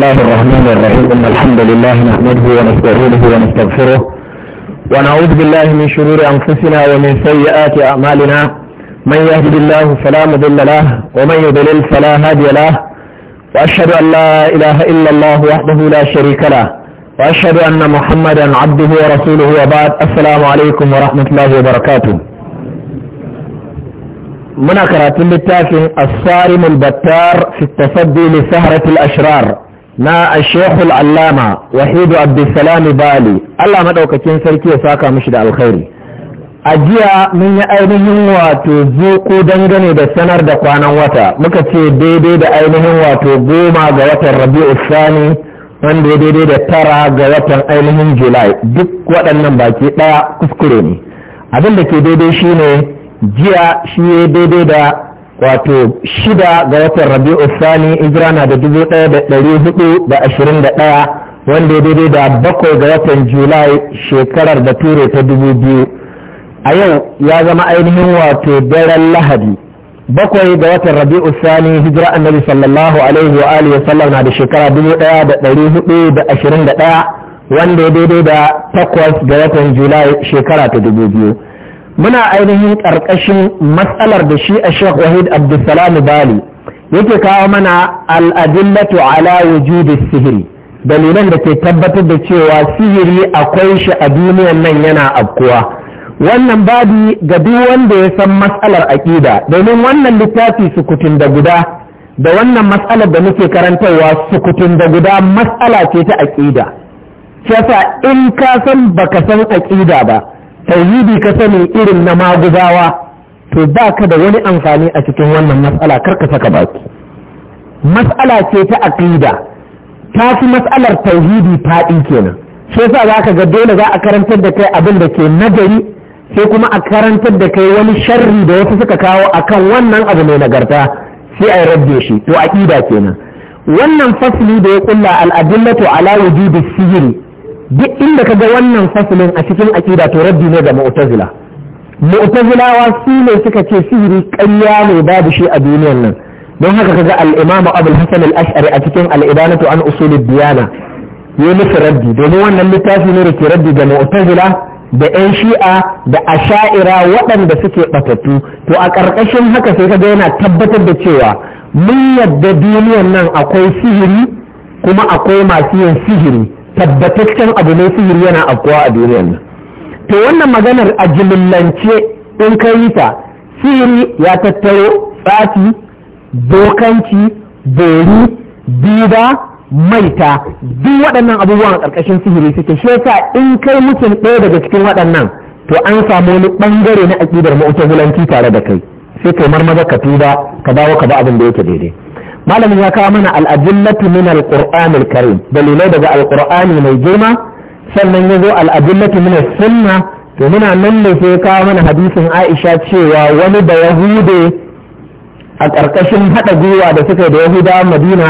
الله الرحمن الرحيم إن الحمد لله نحمده ونستعينه ونستغفره ونعوذ بالله من شرور أنفسنا ومن سيئات أعمالنا من يهدد الله فلا مضل له ومن يضلل فلا هادي له وأشهد أن لا إله إلا الله وحده لا شريك له وأشهد أن محمدا عبده ورسوله وبعد السلام عليكم ورحمة الله وبركاته muna karatun littafin الصارم البتار في tasaddi لسهرة الأشرار na ashekul allama wahidu abdulsalam bali allah maɗaukakin sarki ya saka mishi da alkhairi a jiya mun yi ainihin wato zuku dangane da sanar da kwanan wata muka ce daidai da ainihin wato goma ga watan rabi'u sani wanda daidai da tara ga watan ainihin julai duk waɗannan baki ɗaya kuskure ne abin da ke daidai shine jiya shi ya daidai da wato shida ga watan rabi'u sani hijira na da dubu ɗaya da ɗari hudu da ashirin da ɗaya wanda ya daidai da bakwai ga watan julai shekarar da ture ta dubu biyu a yau ya zama ainihin wato daren lahadi bakwai ga watan rabi'u sani hijira annabi sallallahu alaihi wa alihi sallam na da shekara dubu ɗaya da ɗari hudu da ashirin da ɗaya wanda ya daidai da takwas ga watan julai shekara ta dubu biyu muna ainihin ƙarƙashin matsalar da shi a Sheikh Wahid Abdulsalam Bali yake kawo mana al'adillatu ala wujudi sihiri dalilan da ke tabbatar da cewa sihiri akwai shi a duniyan nan yana afkuwa wannan babi ga duk wanda ya san matsalar aƙida domin wannan littafi sukutun da guda da wannan matsalar da muke karantarwa sukutun da guda matsala ce ta aƙida shi in ka san baka san aƙida ba tauhidi ka sani irin na maguzawa to ba ka da wani amfani a cikin wannan matsala kar ka saka baki matsala ce ta aqida ta fi matsalar tauhidi faɗi kenan sai sa za ka ga dole za a karantar da kai abin da ke nagari sai kuma a karantar da kai wani sharri da wasu suka kawo akan wannan abu mai nagarta sai a rabbe shi to aqida kenan wannan fasli da ya kulla al-adillatu ala wujudi sihiri duk inda ka ga wannan fasalin a cikin aƙida to raddi ne ga mu'tazila mu'tazilawa su ne suka ce sihiri ƙarya ne babu shi a duniyar nan don haka kaga al-imam abul hasan al-ash'ari a cikin al-ibanatu an usul diyana ya nufi raddi domin wannan littafi ne da ke raddi ga mu'tazila da yan shi'a da asha'ira waɗanda suke batattu to a ƙarƙashin haka sai kaga yana tabbatar da cewa mun yadda duniyar nan akwai sihiri kuma akwai masu yin sihiri tabbataccen abu ne sihiri yana afkuwa a duniyar nan to wannan maganar a jimillance in ka yi ta sihiri ya tattaro tsafi bokanci bori bida maita duk waɗannan abubuwan a ƙarƙashin sihiri suke shi yasa in kai mutum ɗaya daga cikin waɗannan to an samu wani ɓangare na aƙidar ma'utahulanci tare da kai sai kai marmaza ka tuba ka dawo ka ba abin da yake daidai malamin ya kawo mana al'adillatu min al-qur'an al-karim dalilai daga al-qur'ani mai girma sannan yazo al'adillatu min sunna to muna nan ne sai kawo mana hadisin Aisha cewa wani da yahude a ƙarƙashin haɗa gwiwa da suka da yahuda madina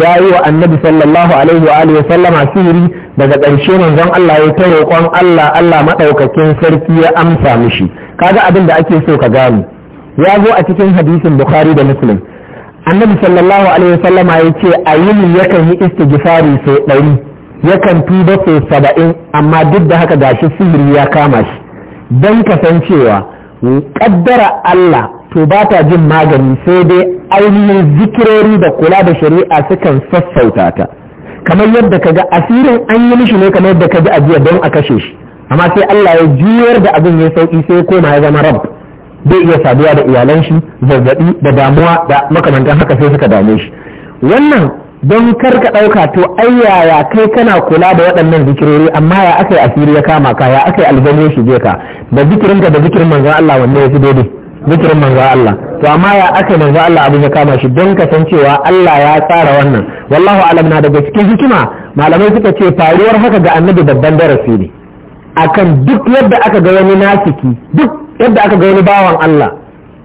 ya yi wa annabi sallallahu alaihi wa alihi sallama sihiri daga ƙarshe manzon Allah ya ta roƙon Allah Allah maɗaukakin sarki ya amsa mishi kaga abin da ake so ka gane ya zo a cikin hadisin Bukhari da Muslim annabi sallallahu alaihi wasallam ya ce a yini yakan yi istighfari sau ɗari yakan tuba sau saba'in amma duk da haka gashi sihiri ya kama shi don kasancewa kaddara Allah to ba ta jin magani sai dai ainihin zikirori da kula da shari'a sukan sassauta ta kamar yadda ka ga asirin an yi mishi ne kamar yadda ka ji ajiya don a kashe shi amma sai Allah ya juyar da abin ya sauki sai koma ya zama rabu Zai iya saduwa da iyalan shi zazzabi da damuwa da makamantan haka sai suka dame shi wannan don kar ka ɗauka to ai yaya kai kana kula da waɗannan zikirori amma ya aka yi asiri ya kama ka ya aka yi aljanu shi je ka da zikirin da zikirin manzon Allah wanne ya fi daidai zikirin manzon Allah to amma ya aka manzon Allah abin ya kama shi don ka san cewa Allah ya tsara wannan wallahu alam na daga cikin hikima malamai suka ce faruwar haka ga annabi babban darasi ne akan duk yadda aka ga wani nasiki duk yadda aka ga wani bawan Allah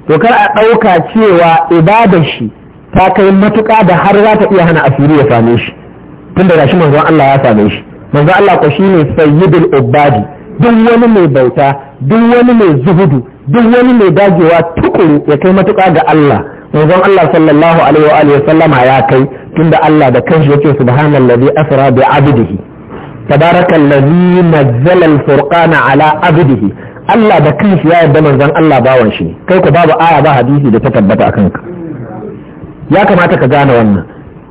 to kar a ɗauka cewa ibadar shi ta kai matuƙa da har za ta iya hana asiri ya same shi tun da gashi manzon Allah ya same shi manzon Allah ko shine sayyidul ubadi duk wani mai bauta duk wani mai zuhudu duk wani mai dagewa tukuru ya kai matuƙa ga Allah manzon Allah sallallahu alaihi wa alihi sallama ya kai tunda Allah da kanshi yake subhanallazi asra bi abdihi tabarakallazi nazzala al-furqana ala abdihi Allah da kanshi ya yarda manzon Allah bawan shi kai ku babu aya ba hadisi da ta tabbata akan ka ya kamata ka gane wannan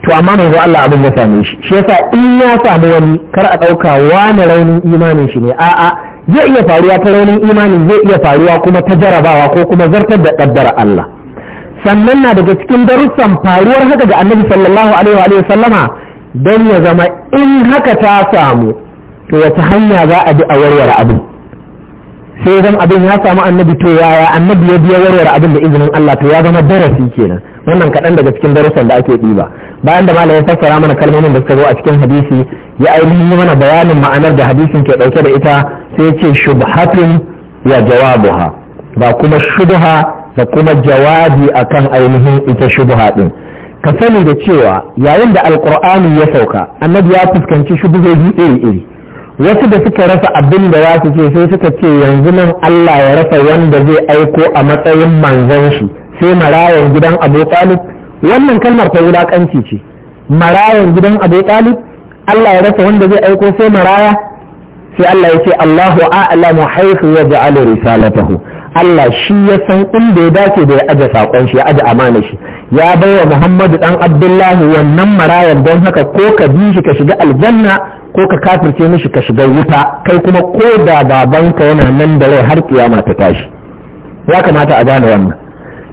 to amma manzo Allah abin ya same shi shi yasa in ya samu wani kar a dauka wani raunin imanin shi ne a'a zai iya faruwa ta raunin imanin zai iya faruwa kuma ta jarabawa ko kuma zartar da kaddara Allah sannan na daga cikin darussan faruwar haka ga annabi sallallahu alaihi wa sallama don ya zama in haka ta samu to wata hanya za a bi a warware abin sai zan abin ya samu annabi to yaya annabi ya biya warware abin da izinin Allah to ya zama darasi kenan wannan kaɗan daga cikin darussan da ake ɗiba bayan da malam ya fassara mana kalmomin da suka zo a cikin hadisi ya ainihin yi mana bayanin ma'anar da hadisin ke ɗauke da ita sai ce shubhatun ya jawabuha ba kuma shubha da kuma jawabi akan ainihin ita shubha din ka sani da cewa yayin da alqur'ani ya sauka annabi ya fuskanci shubhohi iri iri wasu da suka rasa abin da za su ce sai suka ce yanzu nan Allah ya rasa wanda zai aiko a matsayin manzon shi sai marayan gidan Abu Talib wannan kalmar ta wulakanci ce marayan gidan Abu Talib Allah ya rasa wanda zai aiko sai maraya sai Allah ya ce Allahu a'lamu haythu yaj'alu risalatahu Allah shi ya san inda ya dace da ya aje sakon shi ya aje amana shi ya baiwa Muhammadu dan Abdullahi wannan marayan don haka ko ka bi shi ka shiga aljanna ko ka kafirce mishi ka shiga wuta kai kuma ko da babanka yana nan da rai har kiyama ta tashi ya kamata a gane wannan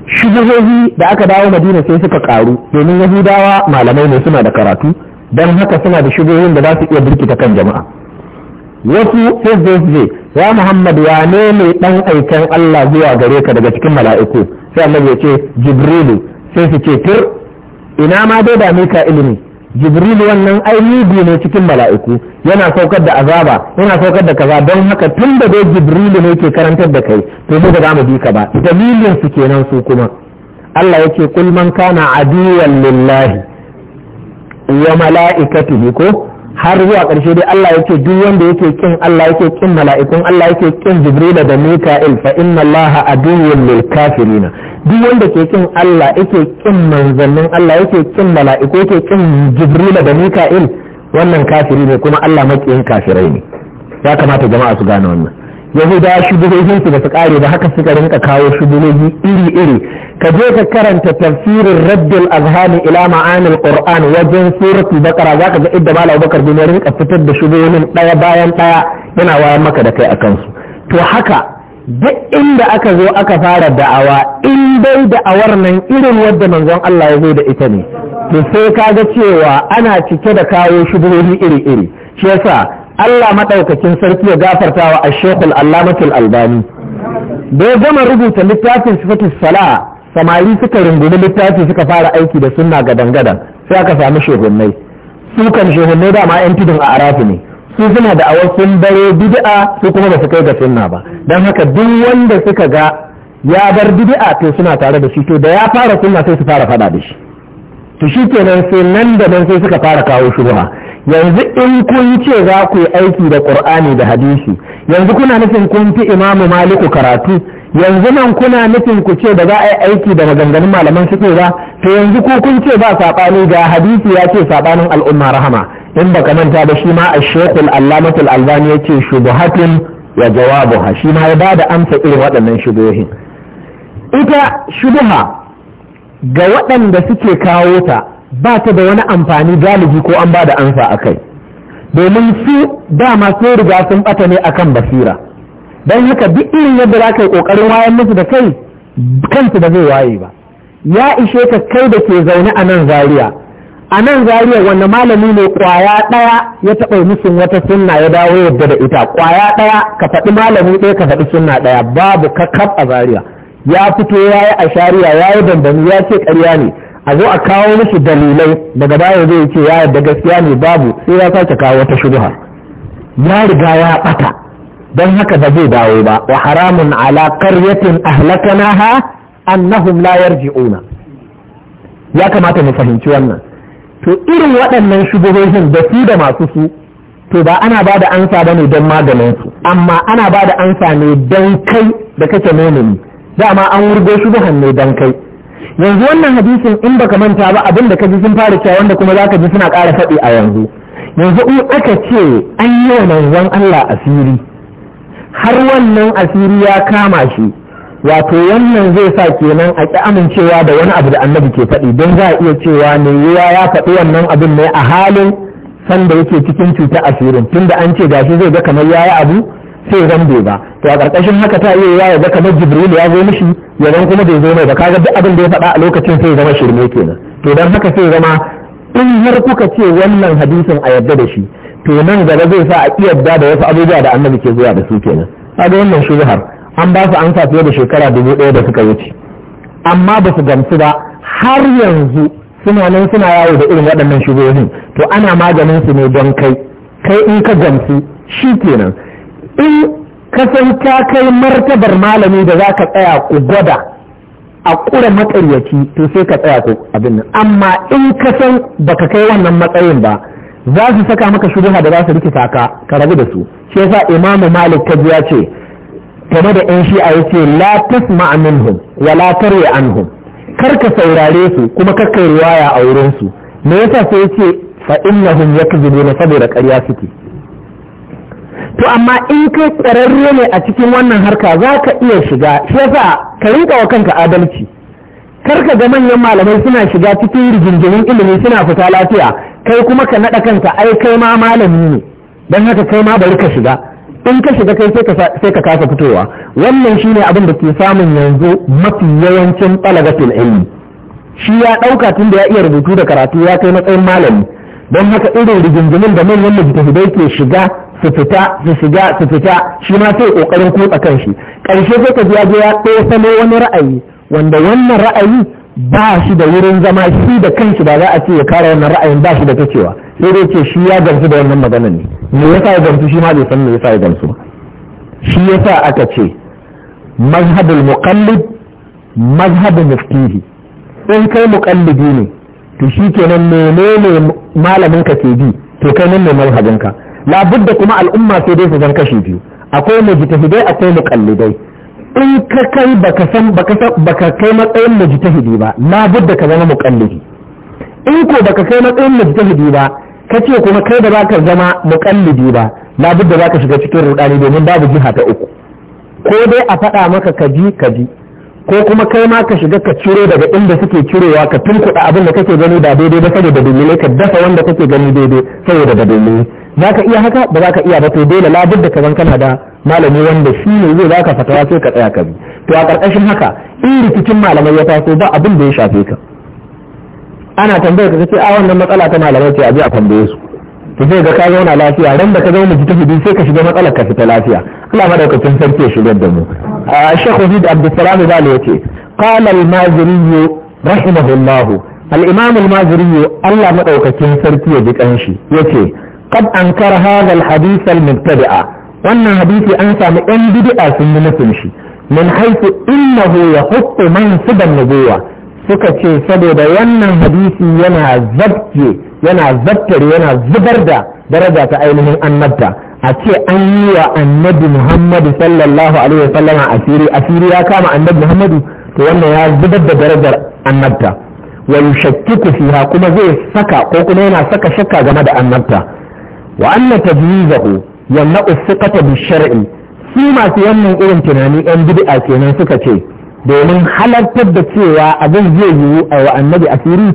shigohi da aka dawo madina sai suka karu domin yahudawa malamai ne suna da karatu don haka suna da shigohin da za su iya birkita kan jama'a wasu sai zai ya muhammad ya ne ɗan dan aikan allah zuwa gare ka daga cikin mala'iku sai annabi ya ce jibrilu sai su ce tur ina ma dai da mika ilimi jibril wannan ainihi ne cikin mala'iku yana saukar da azaba yana saukar da kaza don haka tun da dai jibril ne ke karantar da kai to mu ba za mu bi ka ba dalilin su kenan su kuma Allah yake kul man kana adiyan lillahi wa mala'ikatihi ko har zuwa ƙarshe dai Allah yake duk wanda yake kin Allah yake kin mala'ikun Allah yake kin Jibril da Mika'il fa inna Allah aduwwun lil kafirin duk wanda ke kin Allah yake kin manzannin Allah yake kin mala'iku yake kin Jibril da Mika'il wannan kafiri ne kuma Allah makiyin kafirai ne ya kamata jama'a su gane wannan yahuda shubuhohin su da su kare ba haka suka rinka kawo shubuhohi iri-iri ka je ka karanta tafsirin raddul azhani ila ma'anil qur'an wajen suratul baqara zaka ga idda malam bakar bin rinka fitar da shubuhohin daya bayan daya yana wayar maka da kai akan su to haka duk inda aka zo aka fara da'awa in dai da'awar nan irin wadda manzon Allah ya zo da ita ne to sai kaga cewa ana cike da kawo shubuhohi iri-iri shi yasa Allah maɗaukakin sarki ya gafarta wa ashekul allamatul albani da ya gama rubuta littafin sifatis sala samari suka rungumi littafi suka fara aiki da sunna gadan-gadan sai aka samu shehunnai su kan shehunnai dama yan tudun a arafi ne su suna da awar sun bare bid'a su kuma ba su kai ga sunna ba don haka duk wanda suka ga ya bar bid'a to suna tare da shi to da ya fara sunna sai su fara fada da shi to shi kenan sai nan da nan sai suka fara kawo shubha yanzu in kun ce za ku yi aiki da ƙur'ani da hadisi yanzu kuna nufin kun fi imamu maliku karatu yanzu nan kuna nufin ku ce da za a yi aiki da maganganun malaman suke ba to yanzu ko kun ce ba saɓani ga hadisi ya ce saɓanin al'umma rahama in baka manta ba shi ma a shekul allamatul albani ya ce shubuhatin jawabu ha shi ma ya da amsa irin waɗannan shubuhin ita shubuha ga waɗanda suke kawo ta ba ta da wani amfani galibi ko an ba da ansa a kai domin su dama sun riga sun bata ne akan basira don haka duk irin yadda za ka yi ƙoƙarin wayan musu da kai kansu ba zai waye ba ya ishe ka kai da ke zaune a nan zaria a nan zaria wanda malami ne kwaya ɗaya ya taɓa musu wata sunna ya dawo yadda da ita kwaya ɗaya ka faɗi malami ɗaya ka faɗi sunna ɗaya babu kaf a Zariya. ya fito ya yi a shari'a ya yi dandamu ya ce ƙarya ne a zo a kawo musu dalilai daga baya zai ce ya yadda gaskiya ne babu sai ya sake kawo wata shubha ya riga ya bata don haka ba zai dawo ba wa haramun ala qaryatin ahlakanaha annahum la yarji'una ya kamata mu fahimci wannan to irin waɗannan shubuhohin da su da masu su to ba ana ba da ansa ba ne don maganin su amma ana ba da ansa ne don kai da kake nomini dama an wurgo shubuhan ne don kai yanzu wannan hadisin in baka manta ba abin da ka ji sun fara cewa wanda kuma zaka ji suna ƙara faɗi a yanzu yanzu in aka ce an yi wa manzon Allah asiri har wannan asiri ya kama shi wato wannan zai sa kenan a ƙi amincewa da wani abu da annabi ke faɗi don za a iya cewa ne yiwa ya faɗi wannan abin ne a halin sanda yake cikin cuta asirin tunda an ce gashi zai ga kamar yayi abu sai zan ba to a ƙarƙashin haka ta iya ya ga kamar jibril ya zo mishi ya zan kuma bai zo mai ba kaga duk abin da ya faɗa a lokacin sai zama shirme kenan to dan haka sai zama in har kuka ce wannan hadisin a yadda da shi to nan gaba zai sa a yadda da wasu abubuwa da annabi ke zuwa da su kenan kaga wannan har an ba su an sa fiye da shekara dubu ɗaya da suka wuce amma ba su gamsu ba har yanzu suna nan suna yawo da irin waɗannan shugabannin, to ana maganin su ne don kai kai in ka gamsu shi kenan in ka san ka kai martabar malami da za ka tsaya ku gwada a ƙura matsaryaci to sai ka tsaya ku abin nan amma in ka san ba ka kai wannan matsayin ba za su saka maka shubuha da za su rikita ka ka rabu da su shi yasa imamu malik kaji ya ce game da yan shi'a ya ce la tasma minhum wa la tarwi anhum kar ka saurare su kuma kar ruwaya riwaya a wurin su me yasa sai ya ce fa innahum yakzibuna saboda ƙarya suke to amma in kai ƙwararre ne a cikin wannan harka za ka iya shiga shi yasa ka rinka wa kanka adalci kar ka ga manyan malamai suna shiga cikin rigingimin ilimi suna fita lafiya kai kuma ka naɗa kanka ai kai ma malami ne don haka kai ma bari ka shiga in ka shiga kai sai ka kasa fitowa wannan shi ne abin da ke samun yanzu mafi yawancin talagatul ilmi shi ya ɗauka tun da ya iya rubutu da karatu ya kai matsayin malami don haka irin rigingimin da manyan mujtahidai ke shiga su fita su shiga su fita shi ma sai kokarin kutsa kanshi karshe sai ka ya ya ɗaya salo wani ra'ayi wanda wannan ra'ayi ba shi da wurin zama shi da kanshi ba za a ce ya kare wannan ra'ayin ba shi da ta cewa sai dai ce shi ya gamsu da wannan maganar ne me yasa ya gamsu shi ma bai san me yasa ya gamsu ba shi yasa aka ce mazhabul muqallid mazhabul muftihi in kai muqallidi ne to shikenan menene malamin ka ke bi to kai nan ne mazhabinka labudda kuma al'umma sai dai su zan kashi biyu akwai mujtahidai akwai muqallidai in ka kai baka san baka kai matsayin mujtahidi ba labudda ka zama muqallidi in ko baka kai matsayin mujtahidi ba kace kuma kai da baka zama muqallidi ba labudda zaka shiga cikin rudani domin babu jiha ta uku ko dai a faɗa maka ka ji ka ji ko kuma kai ma ka shiga ka ciro daga inda suke cirowa ka tunkuɗa abin da kake gani da daidai ba saboda dalilai ka dafa wanda kake gani daidai saboda da dalilai za ka iya haka ba za ka iya ba to dole labudda ka zan kana da malami wanda shi ne zai za ka fatawa sai ka tsaya ka bi to a ƙarƙashin haka in rikicin malamai ya taso ba abin da ya shafe ka ana tambayar ka kace a wannan matsala ta malamai ce a je a tambaye su to sai ga ka zauna lafiya ran da ka zauna ji tahidi sai ka shiga matsalar ka fita lafiya Allah madaukakin sarki ya shigar da mu Sheikh Wahid Abdulsalam Zali yace qala al-Maziri rahimahullah al-Imam al-Maziri Allah madaukakin sarki ya ji kanshi yace qad ankara hadha al-hadith al-mubtadi'a wannan hadisi an sami ɗan bid'a sun yi nufin shi min haifu innahu yahuttu mansiban suka ce saboda wannan hadisi yana zabke yana zabtare yana zubar da daraja ta ainihin annabta a ce an yi wa annabi muhammadu sallallahu alaihi wasallam asiri asiri ya kama annabi muhammadu to wannan ya zubar da darajar annabta wa yushakkiku fiha kuma zai saka ko kuma yana saka shakka game da annabta وأن تجويزه يمنع الثقة بالشرع في ما سيمنع إذن تناني أن بدأ كينا ثقة شيء domin halartar da cewa abin zai yiwu a wa'annabi asiri.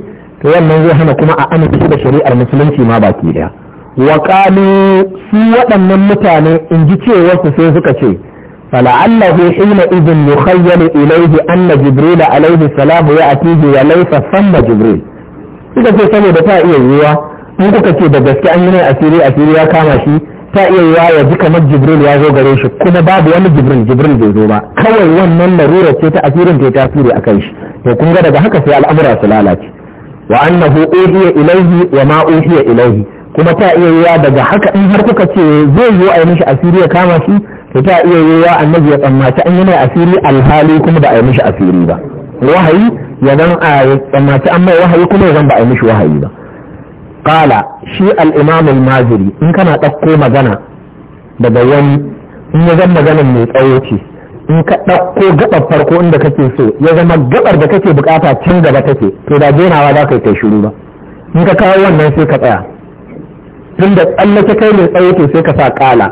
ta wannan zai hana kuma a amince da shari'ar musulunci ma baki daya wa kalu su waɗannan mutane in ji cewa su sai suka ce fala'allahu hina ibin yukhayyalu ilayhi anna jibril alayhi salam ya atihi wa laysa samma jibril suka ce saboda ta iya yiwuwa in kuka ce da gaske an yi mai asiri asiri ya kama shi ta iya yiwa ya ji kamar jibril ya zo gare shi kuma babu wani jibril jibril bai zo ba kawai wannan larura ce ta asirin ta tasiri a kai shi to kun ga daga haka sai al'amura su lalace wa annahu uhiya ilaihi wa ma uhiya ilaihi kuma ta iya yiwa daga haka in har kuka ce zai zo a yi mishi asiri ya kama shi to ta iya yiwa annabi ya tsammaci an yi mai asiri alhali kuma ba a yi mishi asiri ba wahayi ya zan a tsammaci an mai wahayi kuma ya zan ba a yi mishi wahayi ba kala shi al-imam maziri in kana ɗauko magana daga wani in ya zan maganar mai tsawo ce in ka ɗauko gaɓar farko inda kake so ya zama gaɓar da kake bukata can gaba take to da jenawa za ka yi taishiru shiru ba in ka kawo wannan sai ka tsaya tun da tsallake kai mai tsawo ce sai ka sa ƙala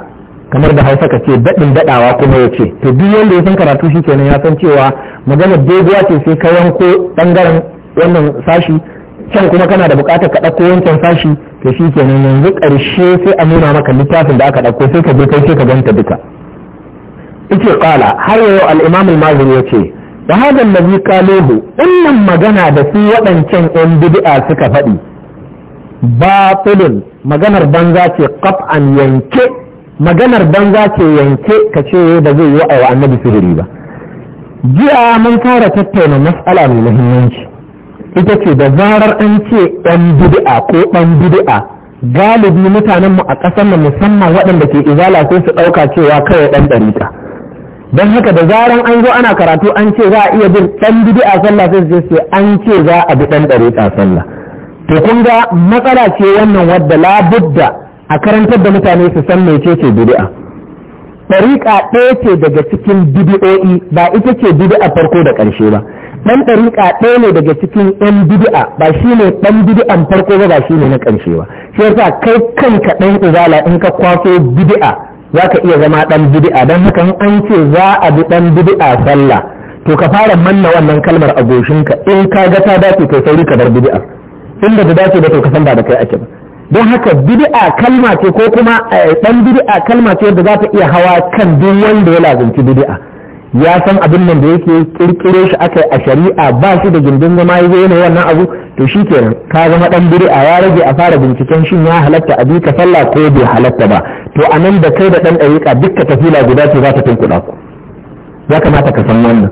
kamar da hausa ka ce daɗin daɗawa kuma ya ce to duk wanda ya san karatu shi kenan ya san cewa maganar doguwa ce sai ka yanko ɓangaren wannan sashi can kuma kana da bukatar ka dauko wancan sashi to shi kenan yanzu karshe sai a nuna maka littafin da aka ɗauko sai ka je kai sai ka ganta duka ice kala har yau al-imam al mazhari yace da hada nabi kalehu wannan magana da su wadancan yan bid'a suka faɗi batilun maganar banza ce qat'an yanke maganar banza ce yanke ka ce ba zai yi wa annabi sihiri ba jiya mun fara tattauna mas'ala mai muhimmanci ita ce da zarar an ce ɗan bid'a ko ɗan bid'a galibi mutanen mu a ƙasar nan musamman waɗanda ke izala sai su ɗauka cewa kawai ɗan ɗarika don haka da zarar an zo ana karatu an ce za a iya bin ɗan bid'a sallah sai su ce an ce za a bi ɗan ɗarika sallah to kun ga matsala ce wannan wadda labudda a karantar da mutane su san mecece bid'a ɗariƙa ɗaya ce daga cikin bid'o'i ba ita ce bid'a farko da ƙarshe ba ɗan ɗariƙa ɗaya ne daga cikin ɗan bid'a ba shi ne ɗan bid'an farko ba ba shi ne na ƙarshe ba shi yasa kai kanka ɗan izala in ka kwaso bid'a za ka iya zama ɗan bid'a don haka an ce za a bi ɗan bid'a sallah to ka fara manna wannan kalmar a goshinka in ka ga ta dace kai sauri ka bar bid'a in da ta dace ba to ka san ba da kai ake ba don haka bid'a kalma ce ko kuma eh, ɗan bid'a kalma ce da za ta iya hawa kan duk wanda ya lazumci bid'a ya san abin nan da yake kirkiro shi aka a shari'a ba shi da gindin zama ya yana wannan abu to shi kenan ka zama dan bid'a ya rage a fara binciken shin ya halatta a bi ka sallah ko bai halatta ba to a nan da kai da dan dariƙa dukka tafila guda ce za ta tunkuɗa ku ya kamata ka san wannan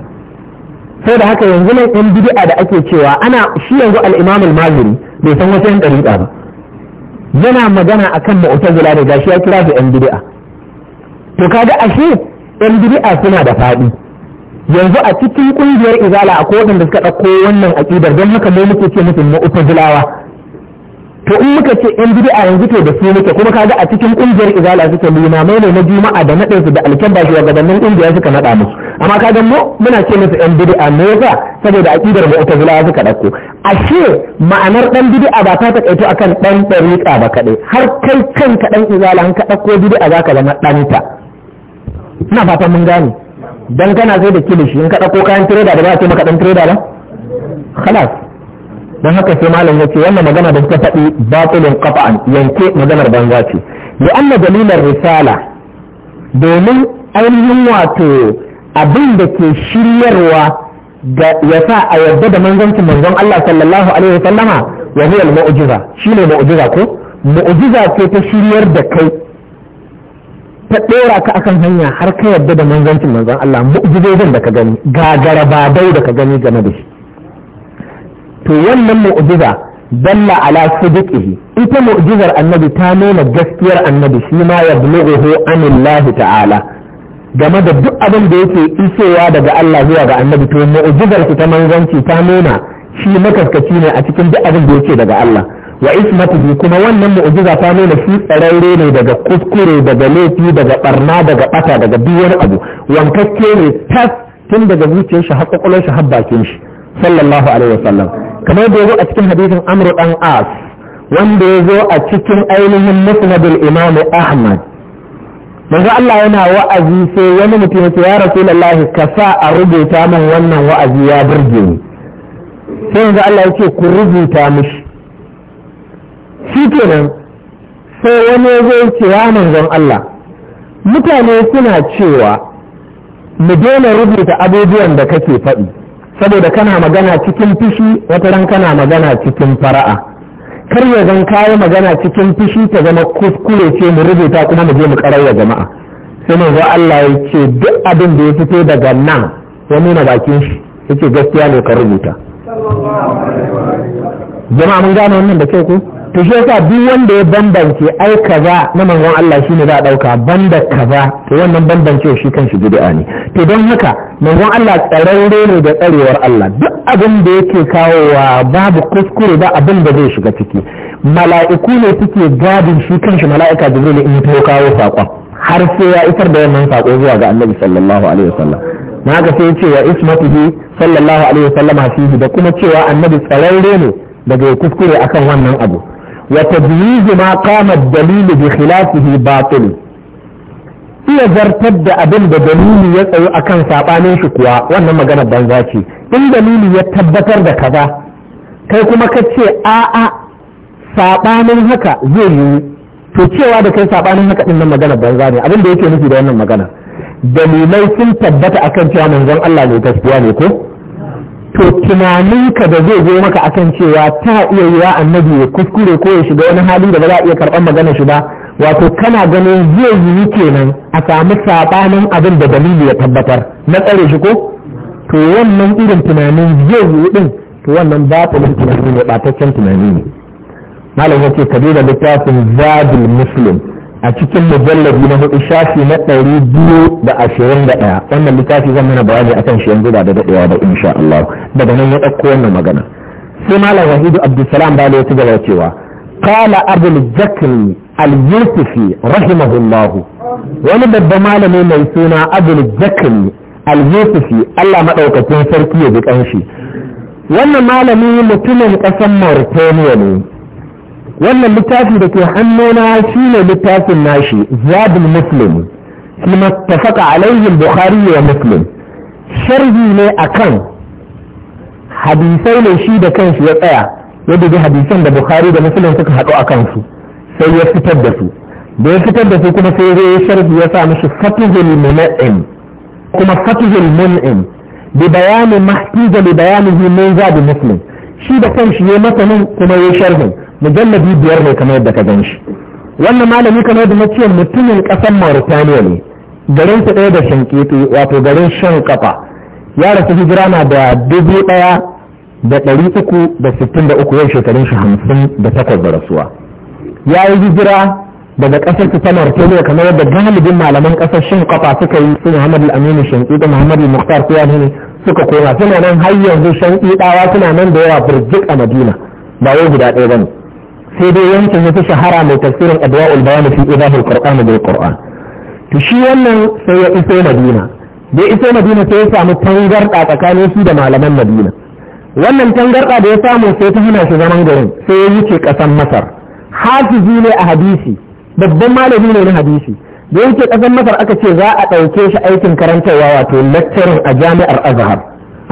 sai da haka yanzu nan yan bid'a da ake cewa ana shi yanzu al-Imam al-Maziri bai san wata yan ɗariƙa ba yana magana akan mu'tazila da gashi ya kira su yan bid'a to kaga ashe yan bid'a suna da faɗi yanzu a cikin ƙungiyar izala a da suka ɗauko wannan aƙidar don haka mai muke ce musu Zulawa, to in muka ce yan bid'a yanzu to da su muke kuma kaga a cikin ƙungiyar izala suke limamai ne na juma'a da naɗin su da ba shi gabanin ƙungiyar suka naɗa musu amma kaga mu muna ce musu yan bid'a me yasa saboda aƙidar mu'tazilawa suka ɗauko ashe ma'anar ɗan bid'a ba ta taƙaito akan ɗan ɗariƙa ba kaɗai har kai kanka ɗan izala in ka ɗauko bid'a zaka zama ɗanta ina fatan mun gane dan kana sai da kilishi in ka ɗauko kayan tireda da ba a ce maka ɗan tireda ba khalas dan haka sai malam ya wannan magana da suka faɗi batilin qata'an yanke maganar banza ce da anna dalilar risala domin ainihin wato abin da ke shiryarwa ga ya sa a yarda da manzancin manzon Allah sallallahu alaihi wasallama wa huwa al-mu'jiza shine mu'jiza ko mu'jiza ce ta shiryar da kai ta ɗora ka akan hanya har ka yarda da manzancin manzan Allah mu'jizozin da ka gani gagara babai da ka gani game da shi to wannan mu'jiza dalla ala sidiqihi ita mu'jizar annabi ta nuna gaskiyar annabi shi ma ya bulughu anillahi ta'ala game da duk abin da yake isowa daga Allah zuwa ga annabi to mu'jizar ta manzanci ta nuna shi makaskaci ne a cikin duk abin da yake daga Allah wa ismatihi kuma wannan mu'jiza ta nuna shi tsararre ne daga kuskure daga laifi daga barna daga bata daga duk wani abu wankakke ne tas tun daga zuciyar shi har kwakwalwar shi har bakin shi sallallahu alaihi wasallam kamar da yazo a cikin hadisin amru dan as wanda ya zo a cikin ainihin musnadul imamu ahmad manzo Allah yana wa'azi sai wani mutum ya ce ya rasulullahi ka sa a rubuta min wannan wa'azi ya burge ni sai yanzu Allah ya ce ku rubuta mishi shi kenan sai wani ya ce ya manzon Allah mutane suna cewa mu daina rubuta abubuwan da kake faɗi saboda kana magana cikin fushi wata ran kana magana cikin fara'a kar ya zan kayi magana cikin fushi ta zama kuskure ce mu rubuta kuma mu je mu kararwa jama'a sai zo Allah ya ce duk abin da ya fito daga nan ya nuna bakin shi yace gaskiya ne ka rubuta jama'a mun gane wannan da kyau ko to shi yasa duk wanda ya bambance ai kaza na manzon Allah shine za a dauka banda kaza to wannan bambance shi kanshi bid'a ne to don haka manzon Allah tsararre ne da tsarewar Allah duk abin da yake kawowa babu kuskure ba abin da zai shiga ciki mala'iku ne suke gadin shi kanshi mala'ika jibril in ta kawo saƙon har sai ya isar da wannan sako zuwa ga annabi sallallahu alaihi wasallam na ga sai cewa ismatihi sallallahu alaihi wasallam fihi da kuma cewa annabi tsararre ne daga kuskure akan wannan abu wa tabyiz ma qama ad-dalil iya zartar da abin da dalili ya tsayo akan sabanin shi kuwa wannan magana banza ce in dalili ya tabbatar da kaza kai kuma ka ce a'a saɓanin haka zai yi to cewa da kai saɓanin haka ɗin nan magana banza ne abin da yake nufi da wannan magana dalilai sun tabbata akan cewa manzon Allah ne gaskiya ne ko to tunaninka da zai zo maka akan cewa ta iya yiwa annabi ya kuskure ko ya shiga wani hali da ba za a iya karɓar magana shi ba wato kana ganin zai yi kenan a samu saɓanin abin da dalili ya tabbatar na tsare shi ko to wannan irin tunanin zai yi din to wannan batilin tunani ne ɓataccen tunani ne malam yace ka littafin zadul muslim a cikin mujallabi na hudu shafi na ɗari biyu da ashirin da ɗaya wannan littafi zan mana bayani kan shi yanzu ba da daɗewa ba insha Allah daga nan ya ɗauko wannan magana sai malam wahidu abdulsalam ba ya ci gaba cewa qala abul zakri al yusufi rahimahullahu wani babban malami mai suna abul zakri al yusufi Allah madaukakin sarki ya bi kanshi wannan malami mutumin ƙasar Mauritania ne wannan littafi da ke hannuna ne littafin nashi zabin muslim kuma mattafaka alaihi bukhari wa muslim sharhi ne akan hadisai ne shi da kansu ya tsaya ya dubi hadisan da bukhari da muslim suka haɗu a kansu sai ya fitar da su da ya fitar da su kuma sai ya sharhi ya sa mishi fatihul mun'im kuma fatihul mun'im bi bayani mahtiza li bayanin min zadul muslim shi da kanshi ya masa nan kuma ya sharhin mujalladi biyar ne kamar yadda ka gan shi wannan malami kamar yadda na ce mutumin ƙasar mauritaniya ne garin su ɗaya da shankitu wato garin shan kafa ya rasu hijira na da dubu ɗaya da ɗari uku da sittin da uku yau shekarun shi hamsin da takwas da rasuwa ya yi hijira daga ƙasar ta mauritaniya kamar yadda galibin malaman ƙasar shan kafa suka yi su Muhammad Al-Aminu Shanki da Muhammad al ne suka koma suna nan har yanzu shanki suna nan da yawa burjik a Madina ba wai guda ɗaya bane sai dai yankin ya fi shahara mai tafsirin adwa'ul bayan fi idahul qur'an bil qur'an to shi wannan sai ya iso madina da iso madina sai ya samu tangarda tsakanin shi da malaman madina wannan tangarda da ya samu sai ta hana shi zaman garin sai ya wuce kasan masar hafizi ne a hadisi babban malami ne na hadisi da yake kasan masar aka ce za a ɗauke shi aikin karantarwa wato lecturing a jami'ar azhar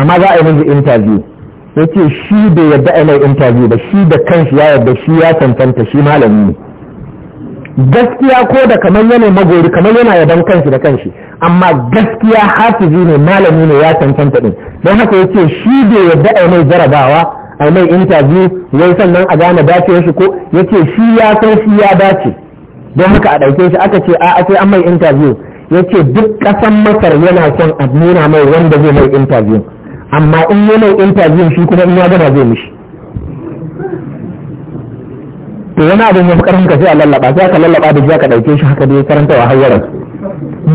amma za a yi yanzu interview ya ce shi bai yadda a mai interview ba shi da kansu ya yadda shi ya tantanta shi malami ne gaskiya ko da kamar yana magori kamar yana yaban kanshi da kanshi amma gaskiya hafizi ne malami ne ya tantanta din don haka ya ce shi bai yadda a mai jarabawa a mai interview wai sannan a gane dace shi ko ya ce shi ya san shi ya dace don haka a ɗauke shi aka ce a sai an mai interview ya ce duk ƙasan masar yana son a nuna mai wanda zai mai interview amma in yana interview shi kuma in ya gaba zai mishi to wani abin ya fi karfin ka sai a lallaba sai ka lallaba da ka ɗauke shi haka dai karanta wa hayyaran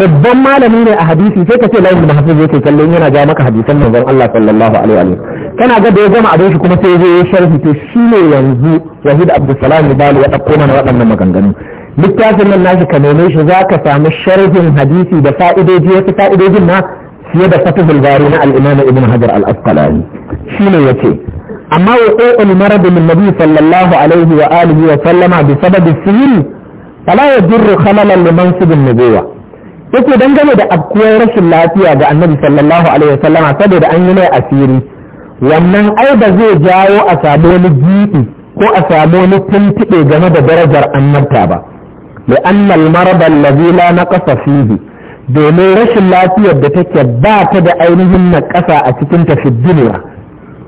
babban malami ne a hadisi sai ka ce layin da hafiz yake kallon yana ja maka hadisan manzon Allah sallallahu alaihi wa kana ga da ya gama abin shi kuma sai zai sharhi to shi ne yanzu Wahid Abdulsalam Bali ya dauko mana waɗannan maganganu littafin nan nashi ka neme shi zaka samu sharhin hadisi da fa'idoji wasu fa'idojin na. fiye da fatihul bari na alimam imam ibn hajar al-asqalani shine yace amma wuqu'ul marad min nabi sallallahu alaihi wa alihi wa sallama bi sababi sihiri fala yadurru khalalan li mansib an-nubuwa yake dangane da abkuwar rashin lafiya ga annabi sallallahu alaihi wa sallama saboda an yi mai asiri wannan ai ba zai jawo a samu wani gibi ko a samu wani tuntuɓe game da darajar annabta ba لأن المرض الذي na نقص فيه domin rashin lafiyar da take ba ta da ainihin na ƙasa a cikin fi duniya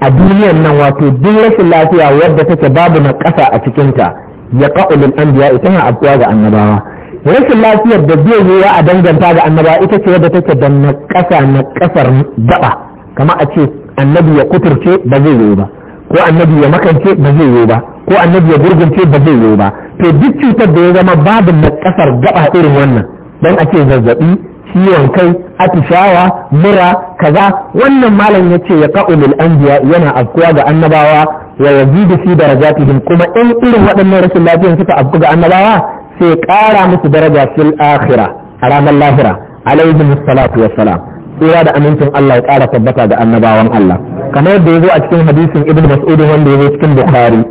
a duniyar nan wato duk rashin lafiya wadda take babu na ƙasa a cikinta ya ƙa'ulul anbiya ita na abuwa ga annabawa rashin lafiyar da zai zo a danganta ga annabawa ita ce wadda take da na ƙasa na ƙasar gaba kama a ce annabi ya kuturce ba zai zo ba ko annabi ya makance ba zai zo ba ko annabi ya gurgunce ba zai zo ba to duk cutar da ya zama babu na ƙasar gaba irin wannan don a ce zazzabi ciwon kai atishawa mura kaza wannan malam ya ce ya ka'ulil anbiya yana afkuwa ga annabawa wa da fi darajatihim kuma in irin waɗannan rashin lafiyan suka afku ga annabawa sai ƙara musu daraja fil akhira a ranar lahira alaihi salatu wassalam tsira da amincin Allah ya ƙara tabbata ga annabawan Allah kamar yadda ya zo a cikin hadisin ibn mas'ud wanda ya zo cikin bukhari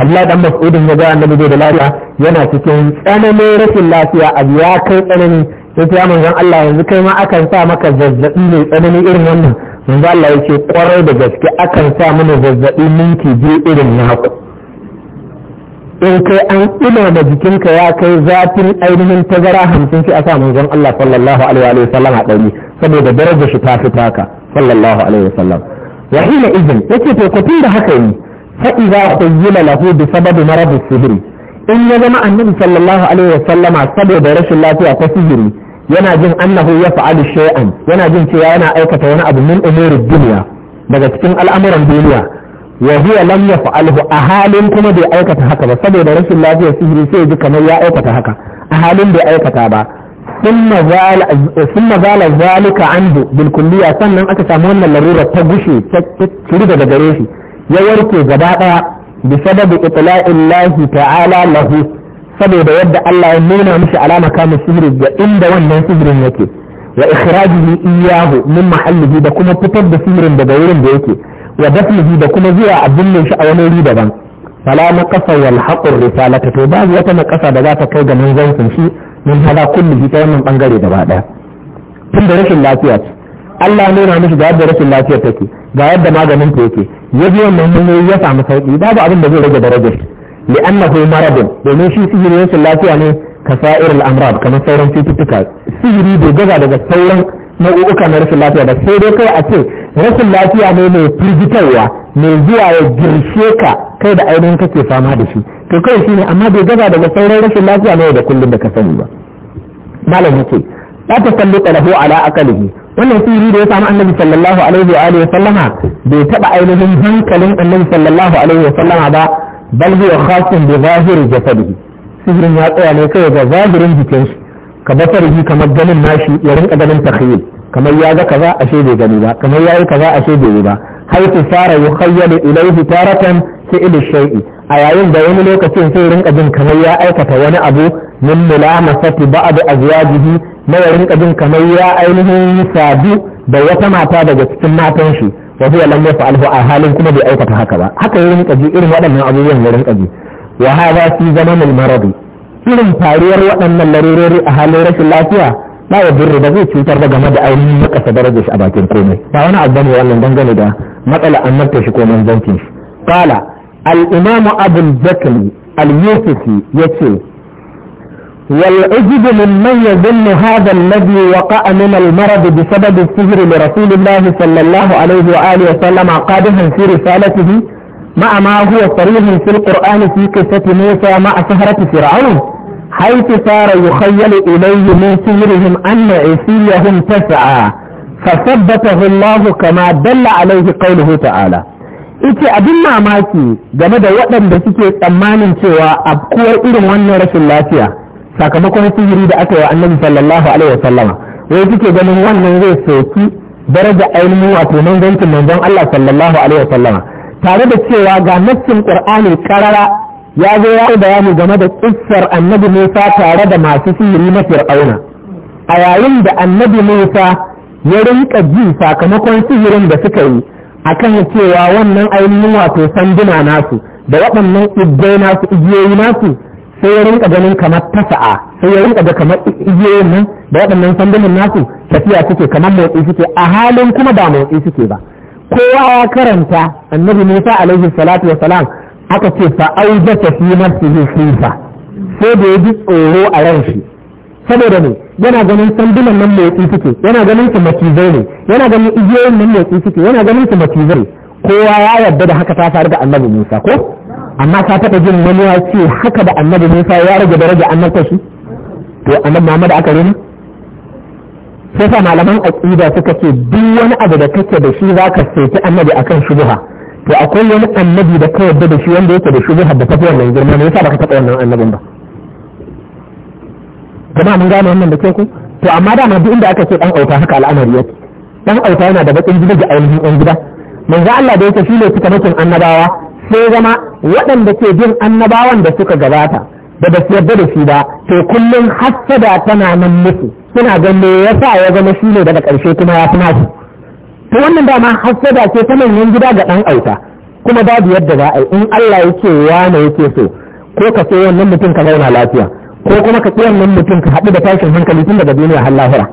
allah dan Mas'udin ya ga annabi bai da lafiya yana cikin tsananin rashin lafiya a ya kai tsanani sai ta manzon Allah yanzu kai ma akan sa maka zazzabi mai tsanani irin wannan manzo Allah ce kwarai da gaske akan sa mana zazzabi minki biyu irin naku in kai an ina da jikinka ya kai zafin ainihin tazara hamsin sai a sa manzon Allah sallallahu alaihi wa sallam a ɗari saboda darajar shi ta fi taka sallallahu alaihi wa sallam wa hina izin yake to ko tun da haka yi fa idza khuyyila lahu bi sababi marad sihiri in ya zama annabi sallallahu alaihi wa sallama saboda rashin lafiya ta sihiri yana jin annahu yaf'alu shay'an yana jin cewa yana aikata wani abu min umurid dunya daga cikin al'amuran duniya wa huwa lam yaf'alhu a halin kuma bai aikata haka ba saboda rashin lafiya sihiri sai ji kamar ya aikata haka a halin bai aikata ba summa zala zalika anhu bil kulliya sannan aka samu wannan larura ta gushe ta ciri daga gare shi ya warke gaba daya bi sababi itla'illahi ta'ala lahu saboda yadda Allah ya nuna mishi alama kama sihiri ga inda wannan sihirin yake wa ikhrajihi iyyahu min mahallihi da kuma fitar da sihirin daga wurin da yake wa dafnihi da kuma zuwa abin shi a wani wuri daban fala naqasa wal haqur risalata to babu wata naqasa da za ta kai ga manzancin shi min hada kullihi ta wannan bangare gaba daya tun da rashin lafiya Allah ya nuna mishi da yadda rashin lafiya take ga yadda maganin ta yake ya ji wannan hanyoyi ya samu sauki babu abin da zai rage darajar li annahu maradun domin shi sihiri rashin lafiya ne ka sa'ir al-amrad kamar sauran cututtuka sihiri bai gaza daga sauran nau'uka na rashin lafiya ba sai dai kai a ce rashin lafiya ne mai firgitarwa mai zuwa ya girshe ka kai da ainihin kake fama da shi to kai shi ne amma bai gaza daga sauran rashin lafiya ne da kullum da ka sani ba malam yake la tasallu lahu ala aqalihi wannan sihiri da ya samu annabi sallallahu alaihi wa alihi sallama bai taba ainihin hankalin annabi sallallahu alaihi wa sallama ba bal huwa khasun bi zahiri jasadihi sihirin ya tsaya ne kai ga zahirin jikin shi ka basarhi kamar ganin nashi ya rinka ganin takhyil kamar ya ga kaza ashe bai gani ba kamar ya yi kaza ashe bai ba haitu fara yukhayyalu ilayhi taratan fi'l shay'i a yayin da wani lokacin sai rinka jin kamar ya aikata wani abu min mulamasati ba'd azwajihi na ya kamar ya ainihin sadu da wata mata daga cikin matan shi wa huwa lam yaf'alhu a halin kuma bai aikata haka ba haka ya rinka irin waɗannan abubuwan ya kaji ji wa hadha fi zamanil irin faruwar waɗannan larurori a halin rashin lafiya ba ya birri da zai cutar da game da ainihin makasa darajar shi a bakin komai ba wani abu wannan dangane da matsala annabta shi ko manzancin shi qala al-imamu abul bakri al-yusufi yace والعجب ممن يظن هذا الذي وقع من المرض بسبب السهر لرسول الله صلى الله عليه وآله وسلم قادها في رسالته مع ما هو صريح في القرآن في قصة موسى مع سهرة فرعون حيث صار يخيل إليه من سهرهم أن عصيهم تسعى فثبته الله كما دل عليه قوله تعالى ita abin mamaki game da waɗanda suke tsammanin cewa abkuwar irin wannan rashin lafiya sakamakon sihiri da aka yi wa annabi sallallahu alaihi wa sallama wai kike ganin wannan zai soki daraja ainihin wato manzancin manzon Allah sallallahu alaihi wa sallama tare da cewa ga nassin qur'ani karara ya zo ya yi bayani game da kissar annabi Musa tare da masu sihiri na Fir'auna a yayin da annabi Musa ya rinka ji sakamakon sihirin da suka yi akan cewa wannan ainihin wato sanduna nasu da waɗannan ibbai nasu igiyoyi nasu sai ya rinka ganin kamar tasa'a sai ya rinka da kamar igiyoyin nan da waɗannan sandunan nasu tafiya suke kamar motsi suke a halin kuma ba motsi suke ba kowa ya karanta annabi Musa alaihi salatu wa salam aka ce fa tafi fi yi khifa sai da ya ji tsoro a ran shi saboda ne yana ganin sandunan nan motsi suke yana ganin su macizai ne yana ganin igiyoyin nan motsi suke yana ganin su macizai kowa ya yarda da haka ta faru da annabi Musa ko amma ta taɓa jin wani ya ce haka da annabi musa ya rage daraja annabta shi to annabi muhammad aka rena sai sa malaman aqida suka ce duk wani abu da kake da shi zaka sake annabi akan shubha to akwai wani annabi da ka yarda da shi wanda yake da shubha da tafi wannan girma ne yasa baka taɓa wannan annabin ba jama'a mun gane wannan da ke ku to amma ma duk inda aka ce dan auta haka al'amari yake dan auta yana da bakin gida da ainihin yan gida manzo Allah da yake shi ne suka mutum annabawa sai zama waɗanda ke bin annabawan da suka gabata da ba su yarda da shi ba to kullum hassada tana nan musu suna ga me sa ya zama shi ne daga ƙarshe kuma ya fi nasu to wannan dama hassada ce ta manyan gida ga ɗan auta kuma babu yadda za a yi in Allah yake wane yake so ko ka so wannan mutum ka zauna lafiya ko kuma ka ƙi wannan mutum ka haɗu da tashin hankali tun daga duniya har lahira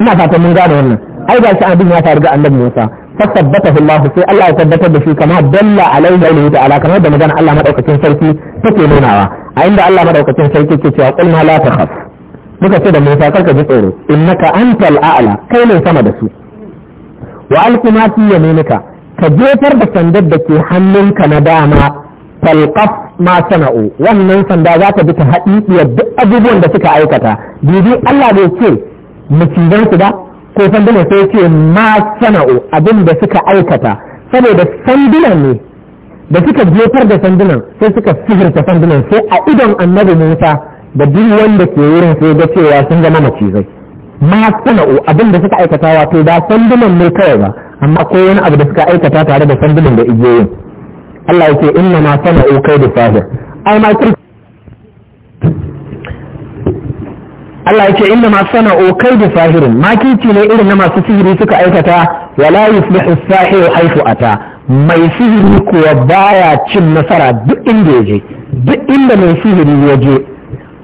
ina fatan mun gane wannan ai ba shi abin ya faru ga annabi Musa fasabbatahu Allah sai Allah ya tabbatar da shi kama dalla alaihi wa ta'ala kamar da magana ala madaukakin sarki ta ke nunawa a inda ala madaukakin sarki ke cewa qul ma la takhaf muka ce da Musa karka ji tsoro innaka antal a'la kai ne sama da su wa alqi ma fi yaminika ka jefar da sandar da ke hannunka na dama talqaf ma sana'u wannan sanda za ta bi ta haɗi duk abubuwan da suka aikata bibi Allah bai ce mu cizan su ba ko sanduna sai ce ma sana'u abin da suka aikata saboda sandunan ne da suka jefar da sandunan sai suka sihirta sandunan sai a idon annabi musa da duk wanda ke wurin sai ga cewa sun zama macizai ma sana'u abin da suka aikata wato ba sandunan ne kawai ba amma ko wani abu da suka aikata tare da sandunan da igiyoyin Allah ya ce inna ma sana'u kai da sahir ai ma Allah yake inda ma sana'u da sahirin makici ne irin na masu sihiri suka aikata wala yuflihu sahiru haifu ata mai sihiri kuwa baya cin nasara duk inda ya je duk inda mai sihiri ya je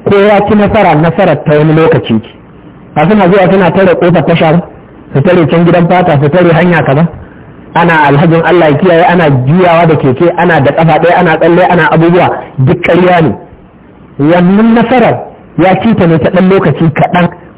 ko ya ci nasara nasara ta wani lokaci ki a suna zuwa suna tare kofar tashar su tare can gidan fata su tare hanya kaza ana alhajin Allah ya kiyaye ana juyawa da keke ana da kafa ɗaya ana tsalle ana abubuwa duk ƙarya ne wannan nasarar ya cuta ne ta ɗan lokaci kaɗan